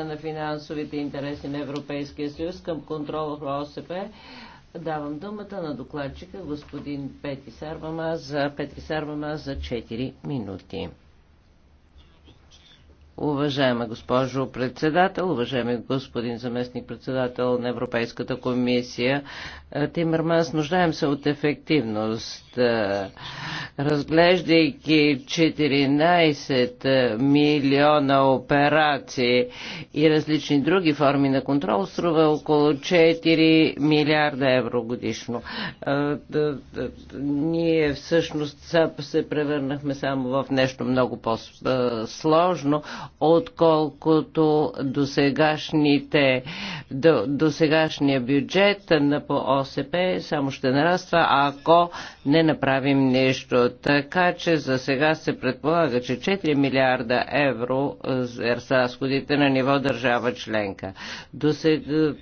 на финансовите интереси на Европейския съюз към контрол в ОСП. Давам думата на докладчика господин Пети Сарвама за, Петри Сарвама за 4 минути. Уважаема госпожо председател, уважаеми господин заместник председател на Европейската комисия, е, Тимърманс, нуждаем се от ефективност. Е, разглеждайки 14 е, милиона операции и различни други форми на контрол, струва около 4 милиарда евро годишно. Ние всъщност се превърнахме само в нещо много по-сложно, отколкото досегашните, до, досегашния бюджет на по ОСП само ще нараства, ако не направим нещо, Така че за сега се предполага, че 4 милиарда евро е са разходите на ниво държава членка. До сега,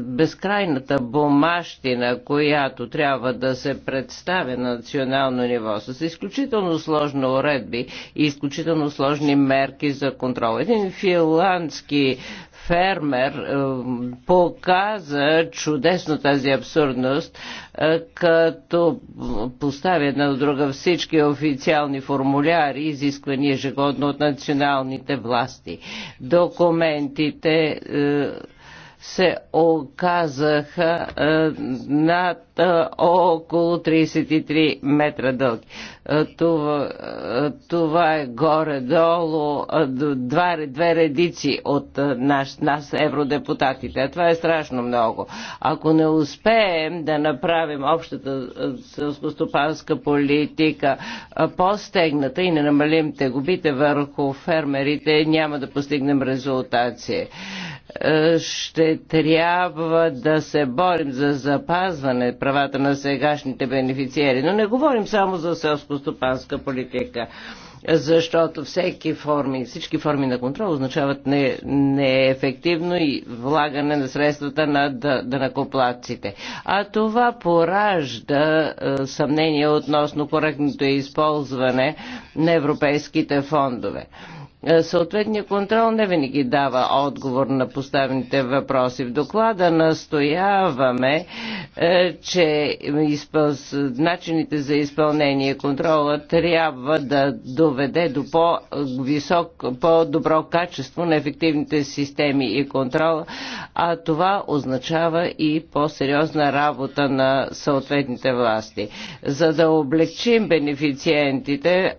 безкрайната бумащина, която трябва да се представя на национално ниво, с изключително сложни уредби и изключително сложни мерки за контрол. Един финландски фермер е, показа чудесно тази абсурдност, е, като поставя една до друга всички официални формуляри, изисквани ежегодно от националните власти. Документите е, се оказаха е, над е, около 33 метра дълги. Е, това, това е горе-долу два, две редици от наш, нас, евродепутатите. Това е страшно много. Ако не успеем да направим общата селскостопанска политика по-стегната и не намалим тегубите върху фермерите, няма да постигнем резултация. Е, ще трябва да се борим за запазване правата на сегашните бенефициери. Но не говорим само за селско-стопанска политика, защото всеки форми, всички форми на контрол означават не, неефективно и влагане на средствата на дънакоплаците. А това поражда е, съмнение относно коректното използване на европейските фондове. Е, съответният контрол не винаги дава отговор на поставените въпроси. В доклада настояваме, е, че начините за изпълнение и контрола трябва да доведе до по-висок, по-добро качество на ефективните системи и контрол, а това означава и по-сериозна работа на съответните власти. За да облегчим бенефициентите,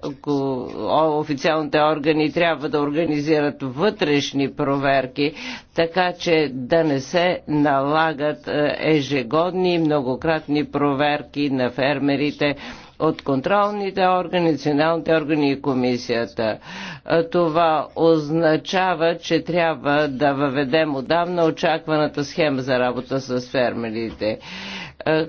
официалните органи трябва трябва да организират вътрешни проверки, така че да не се налагат е, ежегодни и многократни проверки на фермерите от контролните органи, националните органи и комисията. Е, това означава, че трябва да въведем отдавна очакваната схема за работа с фермерите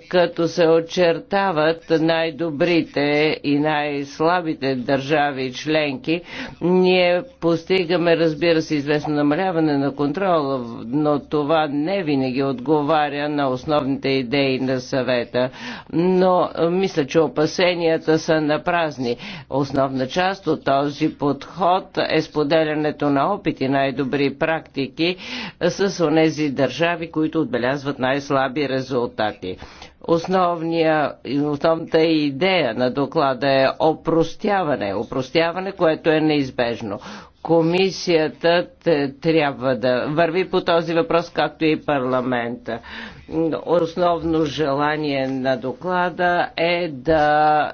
като се очертават най-добрите и най-слабите държави членки, ние постигаме, разбира се, известно намаляване на контрола, но това не винаги отговаря на основните идеи на съвета. Но мисля, че опасенията са напразни. Основна част от този подход е споделянето на опити, най-добри практики с онези държави, които отбелязват най-слаби резултати. Основния, основната идея на доклада е опростяване. Опростяване, което е неизбежно комисията трябва да върви по този въпрос, както и парламента. Основно желание на доклада е да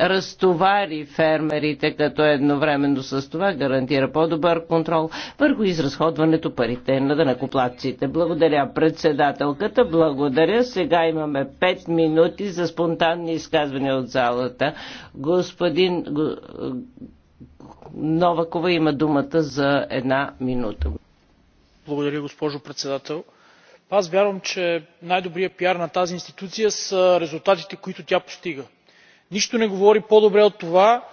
разтовари фермерите, като едновременно с това гарантира по-добър контрол върху изразходването парите на дънакоплаците. Благодаря председателката, благодаря. Сега имаме 5 минути за спонтанни изказвания от залата. Господин Новакова има думата за една минута. Благодаря, госпожо председател. Аз вярвам, че най-добрият пиар на тази институция са резултатите, които тя постига. Нищо не говори по-добре от това,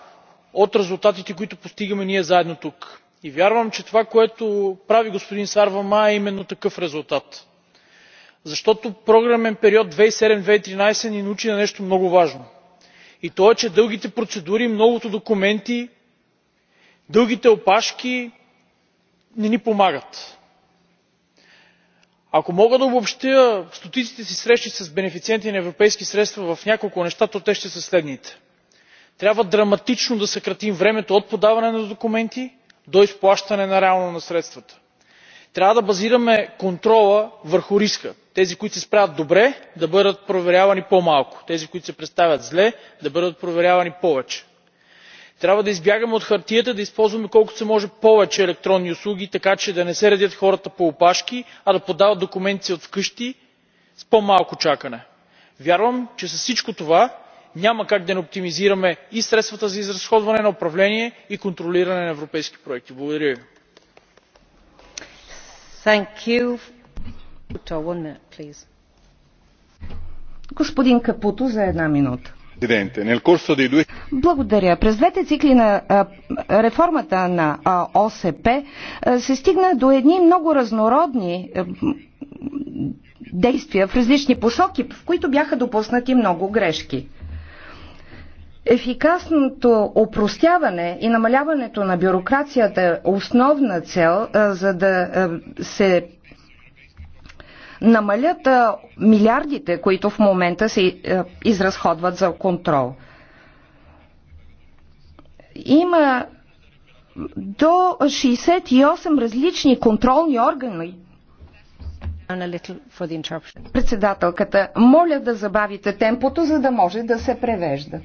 от резултатите, които постигаме ние заедно тук. И вярвам, че това, което прави господин Сарвама е именно такъв резултат. Защото програмен период 2007-2013 ни научи на нещо много важно. И то е, че дългите процедури, многото документи, дългите опашки не ни помагат. Ако мога да обобщя стотиците си срещи с бенефициенти на европейски средства в няколко неща, то те ще са следните. Трябва драматично да съкратим времето от подаване на документи до изплащане на реално на средствата. Трябва да базираме контрола върху риска. Тези, които се справят добре, да бъдат проверявани по-малко. Тези, които се представят зле, да бъдат проверявани повече трябва да избягаме от хартията да използваме колкото се може повече електронни услуги така че да не се редят хората по опашки а да подават документите си от вкъщи с по малко чакане. вярвам че с всичко това няма как да не оптимизираме и средствата за изразходване на управление и контролиране на европейски проекти. благодаря ви. Благодаря. През двете цикли на реформата на ОСП се стигна до едни много разнородни действия в различни посоки, в които бяха допуснати много грешки. Ефикасното опростяване и намаляването на бюрокрацията е основна цел, за да се намалят милиардите, които в момента се изразходват за контрол. Има до 68 различни контролни органи. Председателката, моля да забавите темпото, за да може да се превежда.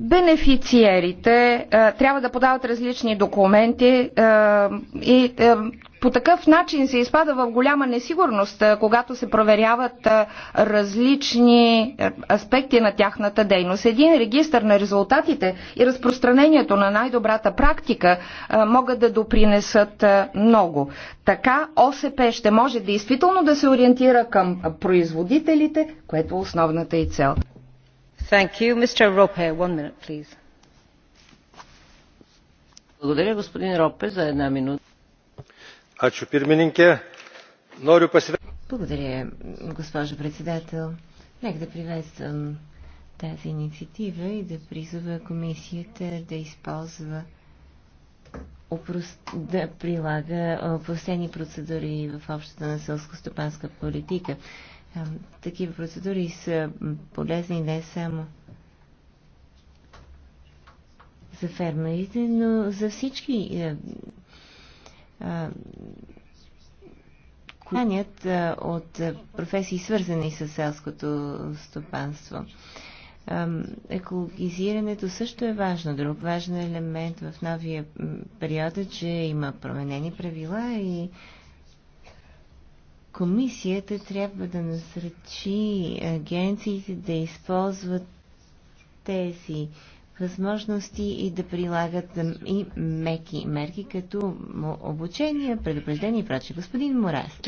бенефициерите а, е, трябва да подават различни документи а, е, и а, е, по такъв начин се изпада в голяма несигурност, а, когато се проверяват а, различни аспекти на тяхната дейност. Един регистр на резултатите и разпространението на най-добрата практика а, могат да допринесат а, много. Така ОСП ще може действително да се ориентира към производителите, което е основната и цел. Благодаря, господин Ропе, за една минута. Благодаря, госпожо председател. Нека да приветствам тази инициатива и да призова комисията да използва да прилага опростени процедури в общата на селско-стопанска политика. Такива процедури са полезни не само за фермерите, но за всички. Е, Кланят е, от професии, свързани с селското стопанство. Екологизирането също е важно. Друг важен елемент в новия период е, че има променени правила и Комисията трябва да насръчи агенциите да използват тези възможности и да прилагат и меки мерки, като обучение, предупреждение и прочие. Господин Морас.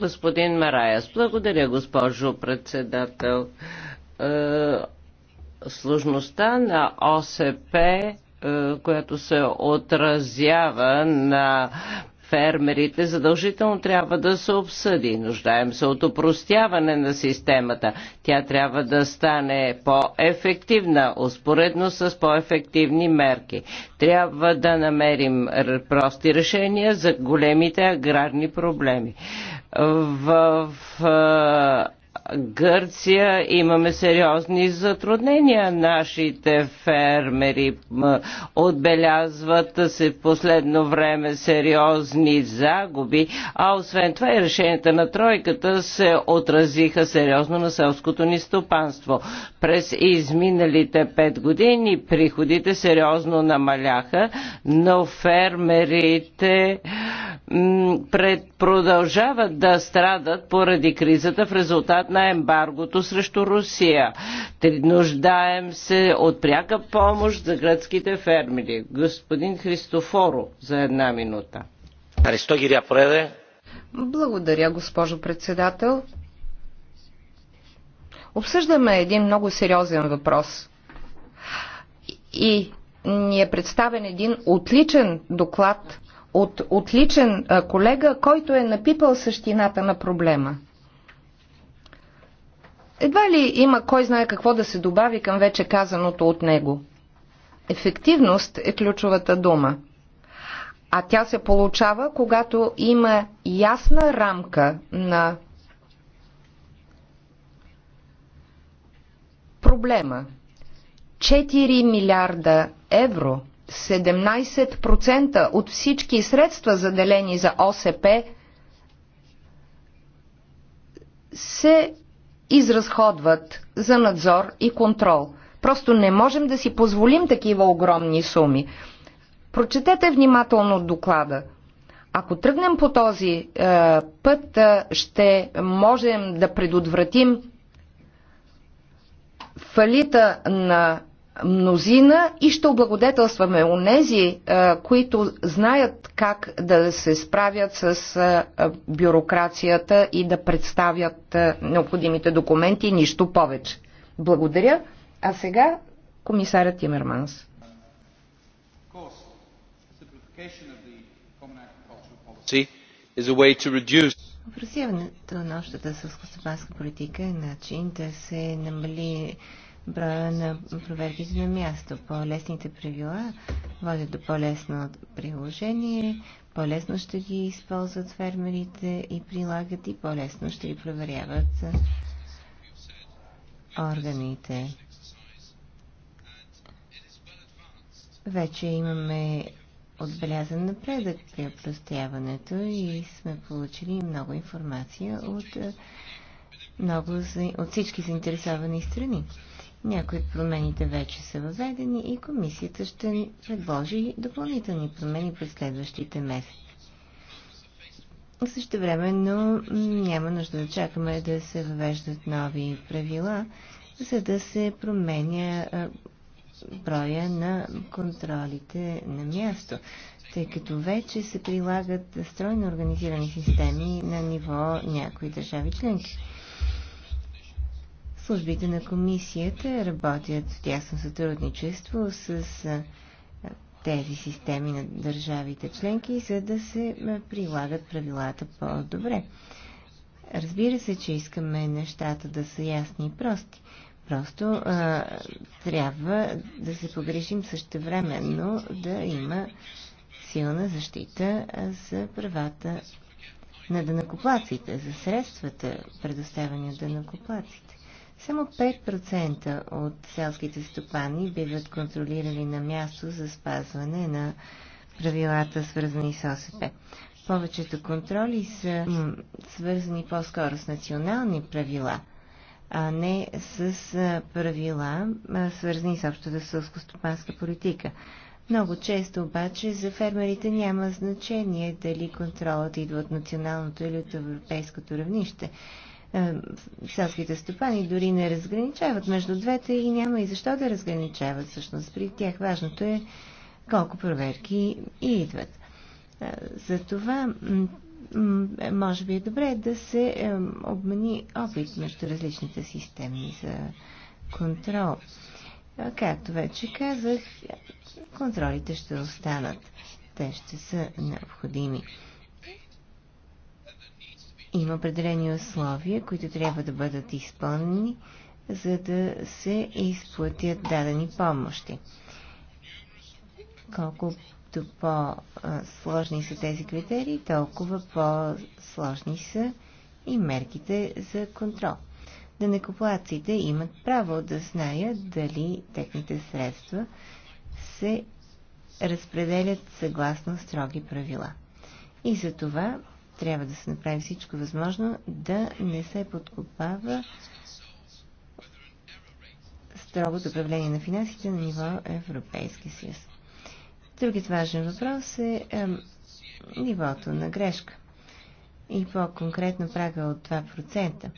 Господин Мараяс, благодаря, госпожо председател. Е, сложността на ОСП е, която се отразява на фермерите, задължително трябва да се обсъди. Нуждаем се от опростяване на системата. Тя трябва да стане по-ефективна, успоредно с по-ефективни мерки. Трябва да намерим прости решения за големите аграрни проблеми. В, в Гърция имаме сериозни затруднения. Нашите фермери отбелязват се в последно време сериозни загуби, а освен това и решенията на тройката се отразиха сериозно на селското ни стопанство. През изминалите пет години приходите сериозно намаляха, но фермерите пред, продължават да страдат поради кризата в резултат на ембаргото срещу Русия. Те нуждаем се от пряка помощ за гръцките фермери. Господин Христофоро за една минута. Благодаря, госпожо председател. Обсъждаме един много сериозен въпрос. И ни е представен един отличен доклад от отличен колега, който е напипал същината на проблема. Едва ли има кой знае какво да се добави към вече казаното от него. Ефективност е ключовата дума. А тя се получава, когато има ясна рамка на проблема. 4 милиарда евро – 17% от всички средства, заделени за ОСП, се изразходват за надзор и контрол. Просто не можем да си позволим такива огромни суми. Прочетете внимателно доклада. Ако тръгнем по този е, път, е, ще можем да предотвратим фалита на мнозина и ще облагодетелстваме онези, е, които знаят как да се справят с е, бюрокрацията и да представят е, необходимите документи, нищо повече. Благодаря. А сега комисарят Тимерманс. Образяването на общата сълскостопанска политика е начин да се намали броя на проверките на място. По-лесните правила водят до по-лесно приложение, по-лесно ще ги използват фермерите и прилагат и по-лесно ще ги проверяват органите. Вече имаме отбелязан напредък при опростяването и сме получили много информация от, много, от всички заинтересовани страни. Някои от промените вече са въведени и комисията ще ни предложи допълнителни промени през следващите месеци. Също време, но няма нужда да чакаме да се въвеждат нови правила, за да се променя броя на контролите на място, тъй като вече се прилагат стройно организирани системи на ниво някои държави членки. Службите на комисията работят в тясно сътрудничество с тези системи на държавите членки, за да се прилагат правилата по-добре. Разбира се, че искаме нещата да са ясни и прости. Просто а, трябва да се погрежим същевременно да има силна защита за правата на дънакоплаците, за средствата, предоставени от дънакоплаците. Само 5% от селските стопани биват контролирани на място за спазване на правилата, свързани с ОСП. Повечето контроли са свързани по-скоро с национални правила, а не с правила, свързани с общата сълскостопанска политика. Много често обаче за фермерите няма значение дали контролът идва от националното или от европейското равнище. Е, селските стопани дори не разграничават между двете и няма и защо да разграничават. Всъщност при тях важното е колко проверки идват. Е, за това може би е добре да се е, обмени опит между различните системи за контрол. Както вече казах, контролите ще останат. Те ще са необходими. Има определени условия, които трябва да бъдат изпълнени, за да се изплатят дадени помощи. Колкото по-сложни са тези критерии, толкова по-сложни са и мерките за контрол. Данекоплаците имат право да знаят дали техните средства се разпределят съгласно строги правила. И за това трябва да се направи всичко възможно да не се подкопава строгото управление на финансите на ниво Европейски съюз. Другият важен въпрос е, е нивото на грешка и по-конкретно прага от 2%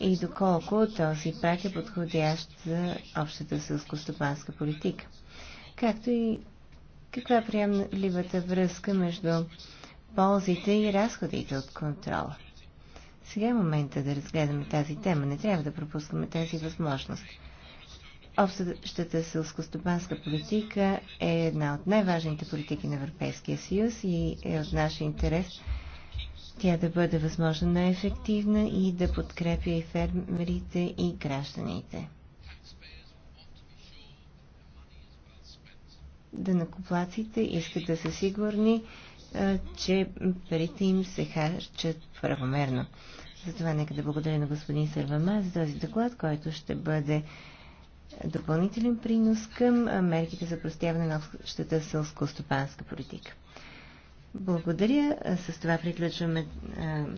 и доколко този праг е подходящ за общата сълскостопанска политика. Както и каква е приемливата връзка между ползите и разходите от контрола. Сега е момента да разгледаме тази тема. Не трябва да пропускаме тази възможност. Общата селскостопанска политика е една от най-важните политики на Европейския съюз и е от наш интерес тя да бъде възможно най-ефективна и да подкрепя и фермерите и гражданите. Данакоплаците искат да са сигурни, че парите им се харчат правомерно. Затова нека да благодаря на господин Сървама за този доклад, който ще бъде допълнителен принос към мерките за простяване на общата сълско-стопанска политика. Благодаря. С това приключваме